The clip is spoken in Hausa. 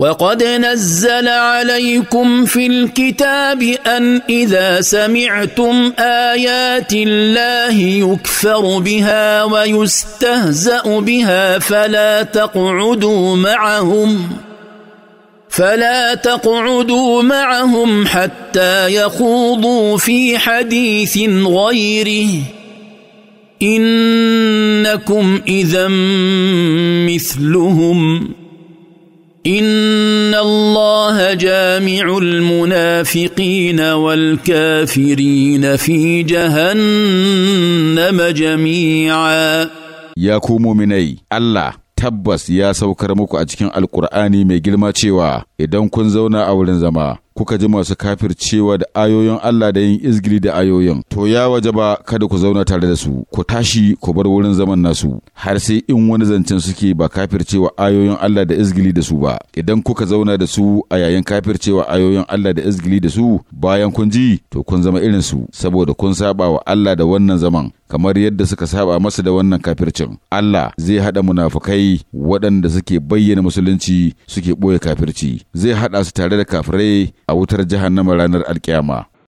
وقد نزل عليكم في الكتاب ان اذا سمعتم ايات الله يكفر بها ويستهزا بها فلا تقعدوا معهم فلا تقعدوا معهم حتى يخوضوا في حديث غيره انكم اذا مثلهم ان الله جامع المنافقين والكافرين في جهنم جميعا يا كومؤمني الله تبس يا سوكرمك اجكن القران مي girma cewa idan kun zauna a kuka ji masu kafircewa da ayoyin Allah da yin izgili da ayoyin to ya waje ba kada ku zauna tare da su ku tashi ku bar wurin zaman nasu har sai in wani zancen suke ba kafircewa ayoyin Allah da izgili da su ba idan kuka zauna da su a yayin kafircewa ayoyin Allah da izgili da su bayan kun ji to kun zama irin su saboda kun saba wa Allah da wannan zaman kamar yadda suka saba masa da wannan kafircin Allah zai haɗa munafukai waɗanda suke bayyana musulunci suke ɓoye kafirci zai haɗa su tare da kafirai a wutar jahannama ranar alkiyama.